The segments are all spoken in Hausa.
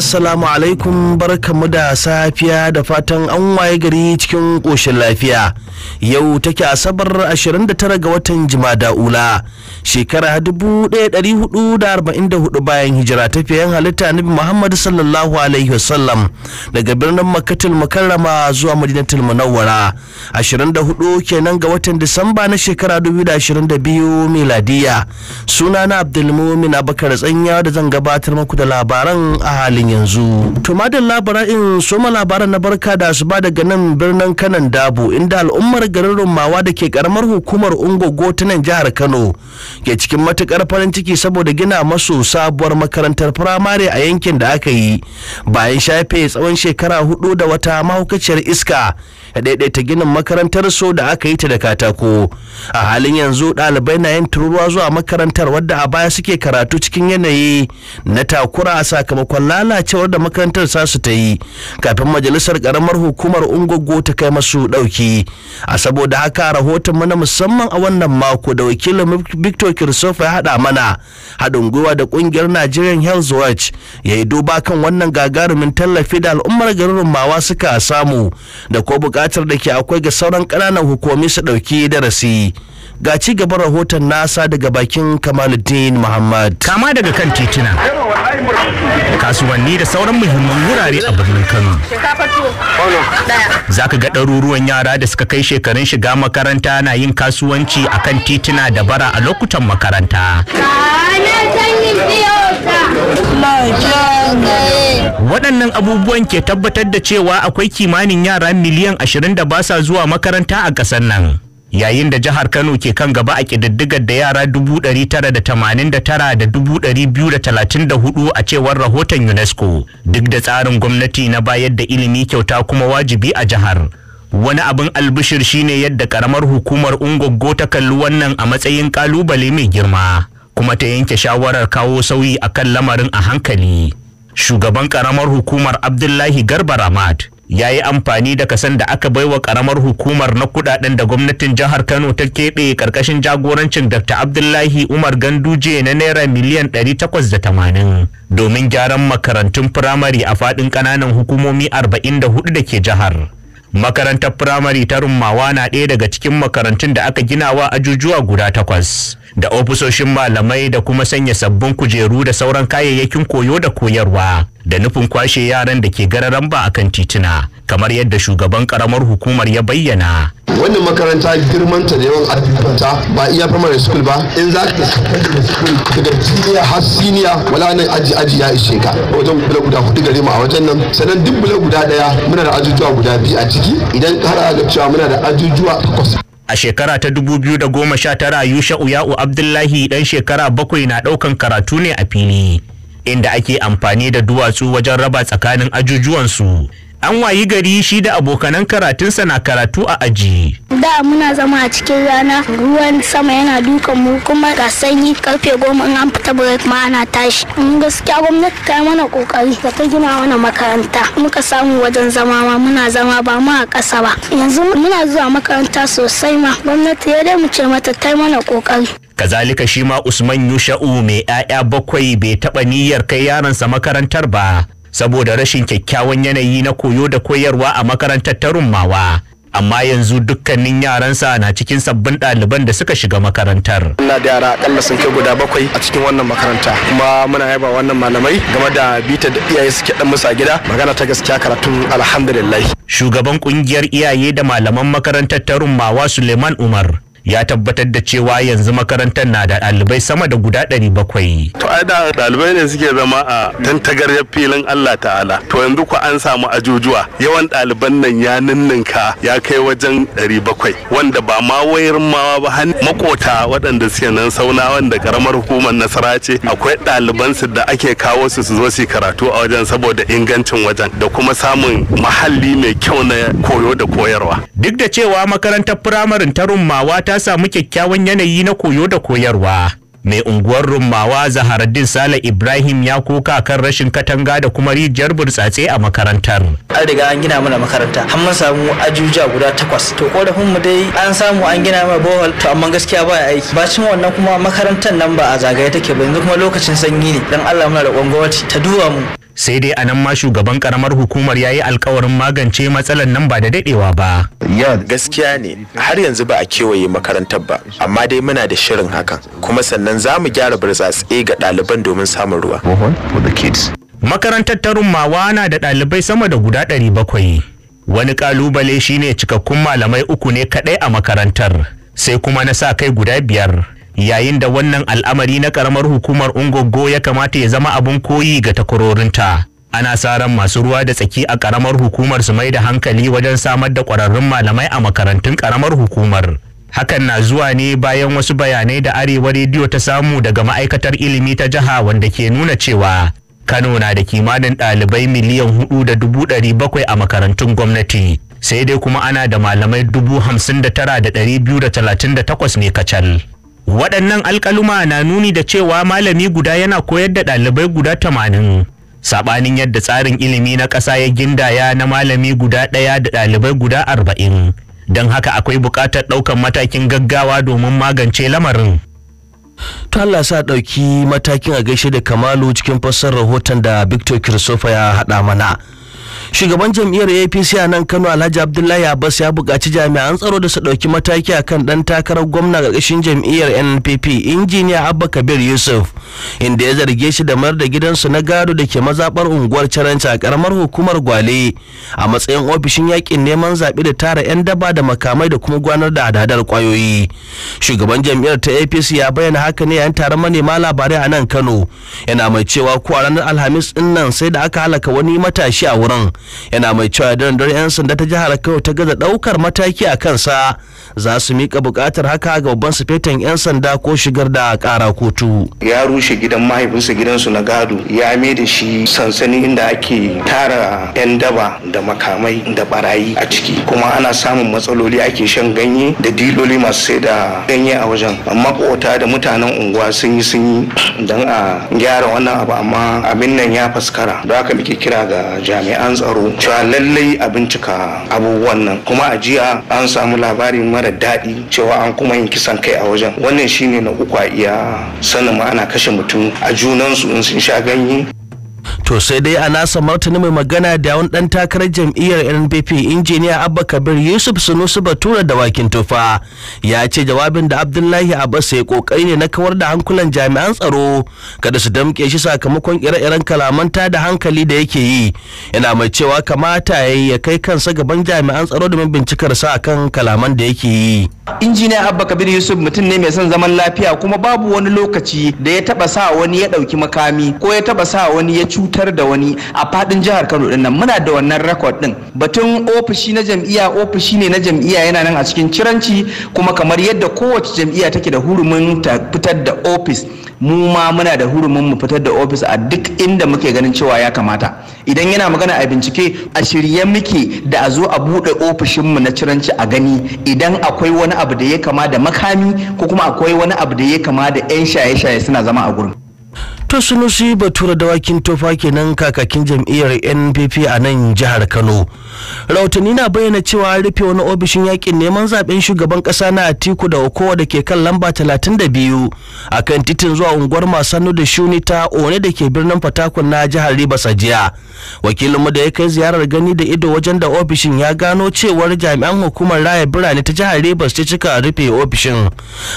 assalamu alaikum barkamu da safiya da fatan an waye gari cikin ƙoshin lafiya yau take asabar 29 ga watan jimada ula shekara 1444 bayan hijira ta fiye halitta annabi muhammad sallallahu alaihi wasallam daga birnin makatul mukarrama zuwa madinatul munawwara 24 kenan ga watan disamba na shekara 2022 miladiya sunana abdulmumin abakar tsanya da zan gabatar muku da labaran a halin yanzu. To madan labarin soma labaran na barka da ba daga nan birnin kanan dabo inda al'ummar garin rumawa da ke karamar hukumar ungogo ta nan jihar kano ke cikin matukar farin ciki saboda gina masu sabuwar makarantar firamare a yankin da aka yi bayan shafe tsawon shekara hudu da wata mahaukaciyar iska ya daidaita ginin makarantar su da aka yi ta da katako a halin yanzu ɗalibai na yin tururuwa zuwa makarantar wadda a baya suke karatu cikin yanayi na takura a sakamakon lalacewar da makarantar sa su ta yi kafin majalisar karamar hukumar Ungoggo ta kai masu ɗauki a saboda haka rahoton mana musamman a wannan mako da wakilin victor kirsofa ya haɗa mana haɗin gwiwa da ƙungiyar nigerian health watch ya yi duba kan wannan gagarumin tallafi da al'ummar garin rumawa suka samu da ko buƙatar buƙatar da ke akwai ga sauran ƙananan hukumomi su ɗauki darasi ga ci gaban rahoton nasa daga bakin kamaluddin muhammad kama daga kan tituna kasuwanni da sauran muhimman wurare a birnin kano Zaka ga ɗaruruwan yara da suka kai shekarun shiga makaranta na yin kasuwanci a kan tituna da bara a lokutan makaranta waɗannan abubuwan ke tabbatar da cewa akwai kimanin yara miliyan ashirin da ba sa zuwa makaranta a ƙasar nan yayin da jihar Kano ke kan gaba a kididdigar da yara 989,234 a cewar rahoton UNESCO duk da tsarin gwamnati na bayar da ilimi kyauta kuma wajibi a jihar. Wani abin albishir shine yadda karamar hukumar Ungoggo ta kalli wannan a matsayin kalubale mai girma kuma ta yanke shawarar kawo sauyi a kan lamarin a hankali. Shugaban karamar hukumar Abdullahi Garba Ramad ya yi amfani da kasan da aka baiwa karamar hukumar na kudaden da gwamnatin jihar kano ta keɓe karkashin jagorancin dr abdullahi umar ganduje na naira miliyan 880 domin gyaran makarantun firamare a faɗin ƙananan hukumomi 44 da ke jihar makarantar firamare ta rummawa na ɗaya daga cikin makarantun da aka gina wa ajujuwa guda takwas da ofisoshin malamai da kuma sanya sabbin kujeru da sauran kayayyakin koyo da koyarwa da nufin kwashe yaran da ke gararan a kan tituna kamar yadda shugaban karamar hukumar ya bayyana wannan makaranta girman ta da yawan abubuwanta ba iya primary school ba in za ka school daga junior har senior wala nan aji aji ya ishe ka wajen bula guda hudu gare mu a wajen nan sannan duk bula guda daya muna da ajujuwa guda biyu a ciki idan ka hada da cewa muna da ajujuwa takwas a shekara ta 2019 Yusha Uya'u Abdullahi dan shekara bakwai na daukan karatu ne a fili inda ake amfani da duwatsu wajen raba tsakanin ajujuwansu an wayi gari shi da abokanan karatunsa na karatu a aji. Da muna zama a cikin rana ruwan sama yana dukan mu kuma ga sanyi karfe goma in an fita break ma ana tashi. gaskiya gwamnati ta yi mana kokari da ta gina mana makaranta muka samu wajen zama ma muna zama ba mu a ƙasa ba. Yanzu muna zuwa makaranta sosai ma gwamnati ya dai mu ce mata ta mana kokari. kazalika shi ma usman yusha'u mai 'ya'ya bakwai bai taɓa niyyar kai yaransa makarantar ba saboda rashin kyakkyawan yanayi na koyo da koyarwa a makarantar ta rummawa amma yanzu dukkanin yaransa na cikin sabbin ɗaliban da suka shiga makarantar. Ina da yara akalla sun kai guda bakwai a cikin wannan makaranta kuma muna yaba wannan malamai game da bita da iyaye suke dan musu a gida magana ta gaskiya karatun alhamdulillah. Shugaban ƙungiyar iyaye da malaman makarantar ta Rummawa Suleiman Umar ya tabbatar da cewa yanzu makarantar na da ɗalibai sama da guda ɗari bakwai. To ai da ɗalibai ne suke zama a tantagaryar filin Allah ta'ala. To yanzu ku an samu ajujuwa yawan ɗaliban nan ya ninninka ya kai wajen ɗari bakwai wanda ba ma wayar mawa ba hannu. makota waɗanda suke nan sauna wanda karamar hukumar nasara ce akwai ɗaliban su da ake kawo su su zo su karatu a wajen saboda ingancin wajen da kuma samun mahalli mai kyau na koyo da koyarwa. Duk da cewa makarantar firamaren ta rummawa ta ta samu kyakkyawan yanayi na koyo da koyarwa. Mai unguwar Rummawa Zaharaddin Sale Ibrahim ya koka kan rashin katanga da kuma rijiyar burtsatse a makarantar. An riga an gina mana makaranta, an mun samu ajuja guda takwas. To korafin mu dai an samu an gina mana bohol to amma gaskiya ba aiki. Bacin wannan kuma makarantar nan ba a zagaye take ba yanzu kuma lokacin sanyi ne. Dan Allah muna da gwamnati ta duba mu. sai dai a nan ma shugaban karamar hukumar ya yi alkawarin magance matsalar nan ba da dadewa ba. gaskiya ne har yanzu ba a kewaye makarantar ba amma dai muna da shirin hakan kuma sannan za mu gyara burtsatse ga ɗaliban domin samun ruwa. makarantar tarumawa mawa na da ɗalibai sama da guda ɗari bakwai wani kalubale shine cikakkun malamai uku ne kaɗai a makarantar sai kuma na sa kai guda biyar yayin da wannan al'amari na karamar hukumar ungogo ya kamata ya zama abun koyi ga takwarorinta ana sa ran masu ruwa da tsaki a karamar hukumar su mai da hankali wajen samar da kwararrun malamai a makarantun karamar hukumar hakan na zuwa ne bayan wasu bayanai da arewa rediyo ta samu daga ma'aikatar ilimi ta jiha wanda ke nuna cewa kano na da kimanin ɗalibai miliyan hudu da dubu ɗari bakwai a makarantun gwamnati sai dai kuma ana da malamai dubu hamsin da tara da ɗari biyu da talatin da takwas ne kacal waɗannan alƙaluma na nuni da cewa malami guda yana koyar da ɗalibai guda tamanin saɓanin yadda tsarin ilimi na ƙasa ya gindaya na malami guda ɗaya da ɗalibai guda arba'in don haka akwai buƙatar ɗaukar matakin gaggawa domin magance lamarin to Allah sa ɗauki matakin a gaishe da kamalu cikin fassar rahoton da victor christopher ya haɗa mana shugaban jam'iyyar apc a nan kano alhaji abdullahi abbas ya buƙaci jami'an tsaro da su ɗauki mataki akan ɗan takarar gwamna ƙarƙashin jam'iyyar npp injiniya abba kabir yusuf inda ya zarge shi da mayar da gidansu na gado da ke mazaɓar unguwar caranci a ƙaramar hukumar gwale a matsayin ofishin yaƙin neman zaɓe da tara 'yan daba da makamai da kuma gwanar da hadadar ƙwayoyi shugaban jam'iyyar ta apc ya bayyana haka ne yayin taron manema labarai a nan kano yana mai cewa ko a ranar alhamis ɗin nan sai da aka halaka wani matashi a wurin yana mai cewa da rundunar 'yan sanda ta jihar kano ta gaza ɗaukar mataki a kansa za su mika bukatar haka ga babban sufetan 'yan sanda ko shigar da kara kotu ya rushe gidan mahaifinsa gidansu na gado ya mai da shi sansani inda ake tara 'yan daba da makamai da barayi a ciki kuma ana samun matsaloli ake shan ganye da diloli masu sai da ganye a wajen makota da mutanen unguwa sun yi sun yi don a gyara wannan abu amma abin nan ya faskara don haka muke kira ga jami'an tsaro tsaro cewa lallai a bincika abubuwan nan kuma a jiya an samu labari mara daɗi cewa an kuma yin kisan kai a wajen wannan shine na uku a iya sanin ana kashe mutum a junansu in sun sha ganye to sai dai a nasa martani mai magana da wani dan takarar jam'iyyar NPP injiniya Abba Kabir Yusuf Sunusi Batura da wakin tufa ya ce jawabin da Abdullahi Abbas ya kokari ne na kawar da hankulan jami'an tsaro kada su damke shi sakamakon ire-iren kalamanta da hankali da yake yi yana mai cewa kamata ya yi ya kai kansa gaban jami'an tsaro domin bincikar sa akan kalaman da yake yi injiniya Abba Kabir Yusuf mutum ne mai son zaman lafiya kuma babu wani lokaci da ya taba sa wani ya dauki makami ko ya taba sa wani ya ci cutar da wani a fadin jihar Kano din nan muna da wannan record din batun ofishi na jam'iyya ofishi ne na jam'iyya yana nan a cikin ciranci kuma kamar yadda kowace jam'iyya take da hurumin ta fitar da office mu ma muna da hurumin mu fitar da ofis a duk inda muke ganin cewa ya kamata idan yana magana a bincike a shirye muke da a zo a buɗe ofishinmu na ciranci a gani idan akwai wani abu da ya kama da makami ko kuma akwai wani abu da ya kama da 'yan shaye-shaye suna zama a gurin to sunusi batura dawakin tofa kenan kakakin jam'iyyar npp a nan jihar kano rahotanni na bayyana cewa rufe wani ofishin yakin neman zaben shugaban kasa na atiku da okowa da ke kan lamba 32 a kan titin zuwa unguwar masanu da shuni ta one da ke birnin fatakun na jihar ribas a jiya wakilinmu da ya kai ziyarar gani da ido wajen da ofishin ya gano cewar jami'an hukumar raya birane ta jihar ribas ta cika rufe ofishin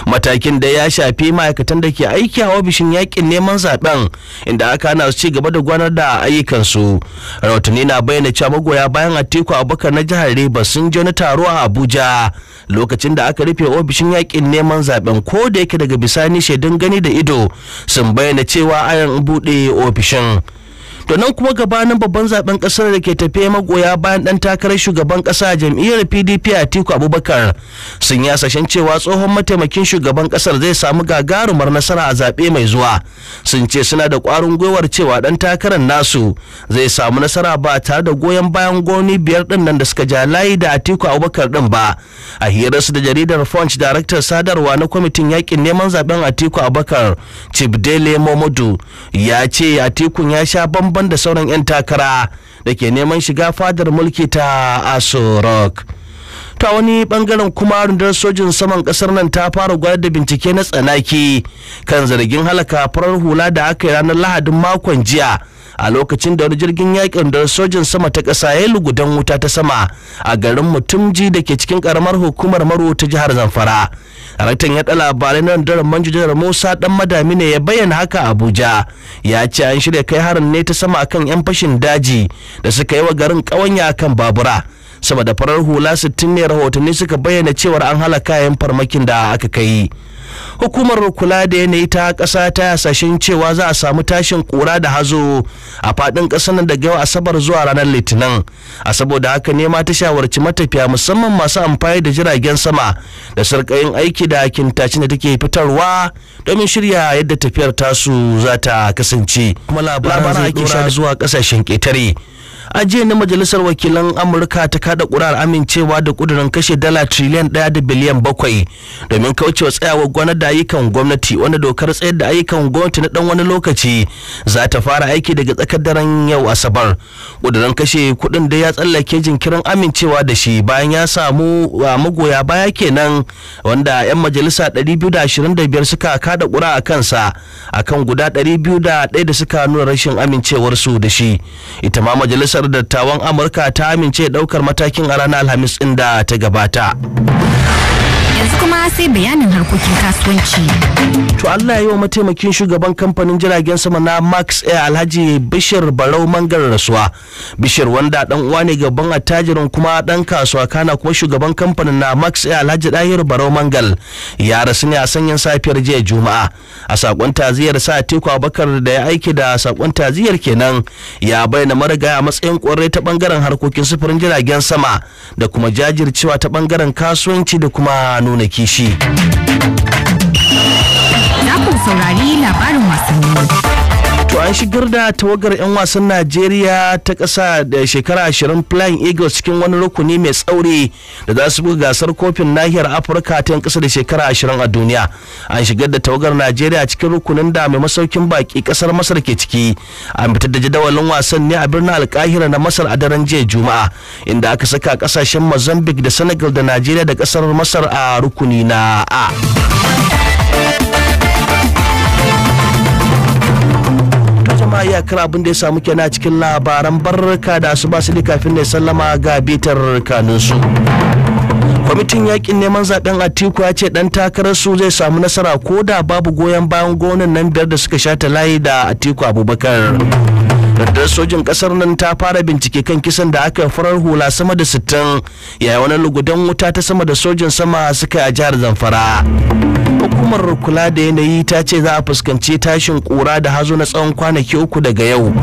matakin da ya shafi ma'aikatan da ke aiki a ofishin yakin neman zaben zaben inda aka hana su ci gaba da gwanar da ayyukansu rahotanni na bayyana cewa magoya bayan atiku abubakar na jihar riba sun je na taro a abuja lokacin da aka rufe ofishin yakin neman zaben ko da yake daga bisani shaidun gani da ido sun bayyana cewa ayan buɗe ofishin to nan kuma gabanin babban zaben kasar da ke tafe magoya bayan dan takarar shugaban kasa jam'iyyar pdp a atiku abubakar sun yi hasashen cewa tsohon mataimakin shugaban kasar zai samu gagarumar nasara a zaɓe mai zuwa sun ce suna da ƙwarin gwiwar cewa dan takarar nasu zai samu nasara ba tare da goyon bayan goni biyar din nan da suka ja layi da atiku abubakar din ba a hirar su da jaridar punch daraktar sadarwa na kwamitin yakin neman zaben atiku abubakar chibdele momodu ya ce tiku ya sha bamban bamban da sauran 'yan takara da ke neman shiga fadar mulki ta aso rock ta wani bangaren kuma rundunar sojin saman kasar nan ta fara gwada da bincike na tsanaki kan zargin halaka farar hula da aka yi ranar lahadin makon jiya a lokacin da wani jirgin yakin da sojin sama ta ƙasa ya lugudan wuta ta sama a garin mutumji da ke cikin karamar hukumar maro ta jihar zamfara daraktan yaɗa labarai na daren manjo jihar musa dan madami ne ya bayyana haka abuja ya ce an shirya kai harin ne ta sama akan yan fashin daji da suka yi wa garin ƙawanya akan babura sama farar hula 60 ne rahotanni suka bayyana cewar an hala kayan farmakin da aka kai hukumar kula da yanayi ta kasa ta hasashen cewa za a samu tashin kura da hazo a faɗin ƙasar daga yau asabar zuwa ranar litinin a saboda haka ne ma ta shawarci matafiya musamman masu amfani da jiragen sama da sarkayin aiki da hakin kintacin da take fitarwa domin shirya yadda tafiyar tasu za ta kasance kuma labaran zai zuwa ƙasashen ƙetare a na majalisar wakilan amurka ta kada kurar amincewa da kudurin kashe dala triliyan daya da biliyan bakwai domin kaucewa tsayawar gwana da ayyukan gwamnati wanda dokar tsayar da ayyukan gwamnati na dan wani lokaci za ta fara aiki daga tsakar daren yau asabar kudurin kashe kuɗin da ya tsallake jinkirin amincewa da shi bayan ya samu magoya baya kenan wanda 'yan majalisa 225 suka kada kura a kansa akan guda 201 da suka nuna rashin amincewarsu da shi ita ma majalisar majalisar dattawan amurka ta amince daukar matakin a ranar alhamis inda ta gabata yanzu kuma sai bayanin harkokin kasuwanci to Allah ya yi wa mataimakin shugaban kamfanin jiragen sama na Max Air Alhaji Bishir Barau Mangar rasuwa Bishir wanda dan uwa ne gaban attajirin kuma dan kasuwa kana kuma shugaban kamfanin na Max Air Alhaji Dahir Barau Mangal ya rasu ne a sanyin safiyar jiya Juma'a a sakon taziyar sa Teku Abubakar da ya aiki da sakon taziyar kenan ya bayyana marigaya a matsayin kwarai ta bangaren harkokin sufurin jiragen sama da kuma jajircewa ta bangaren kasuwanci da kuma nuna kishi. Za ku saurari labarin wasanni. an shigar da tawagar 'yan wasan najeriya ta ƙasa da shekara 20 flying eagles cikin wani rukuni mai tsauri da za su buga gasar kofin nahiyar afirka ta 'yan ƙasa da shekara 20 a duniya an shigar da tawagar najeriya cikin rukunin da mai masaukin baki kasar masar ke ciki an fitar da jadawalin wasan ne a birnin alkahira na masar a daren jiya juma'a inda aka saka ƙasashen mozambique da senegal da najeriya da kasar masar a rukuni na a a iyakar abin da ya samu kenan a cikin labaran barka da su su kafin ne sallama ga bitar kanunsu. kwamitin yakin neman zaɓen atiku ya ce ɗan takarar su zai samu nasara ko da babu goyon bayan gonan nan biyar da suka sha ta layi da atiku abubakar rundunar sojin kasar nan ta fara bincike kan kisan da aka farar hula sama da 60 yayin wani lugudan wuta ta sama da sojin sama suka yi a jihar zamfara hukumar kula da yanayi ta ce za a fuskanci tashin kura da hazo na tsawon kwanaki uku daga yau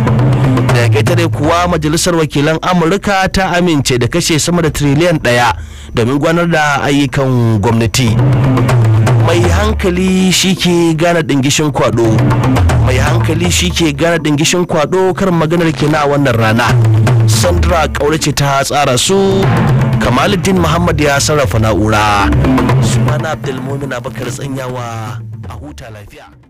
da tare kuwa majalisar wakilan amurka ta amince da kashe sama da tiriliyan ɗaya domin gwanar da ayyukan gwamnati mai hankali shike gane dingishin kwado mai hankali shike gane dingishin kwado kar maganar ke na wannan rana sandra kaure ce ta tsara su kamaluddin muhammad ya sarrafa na'ura sumana abdulmumin abakar tsanyawa a huta lafiya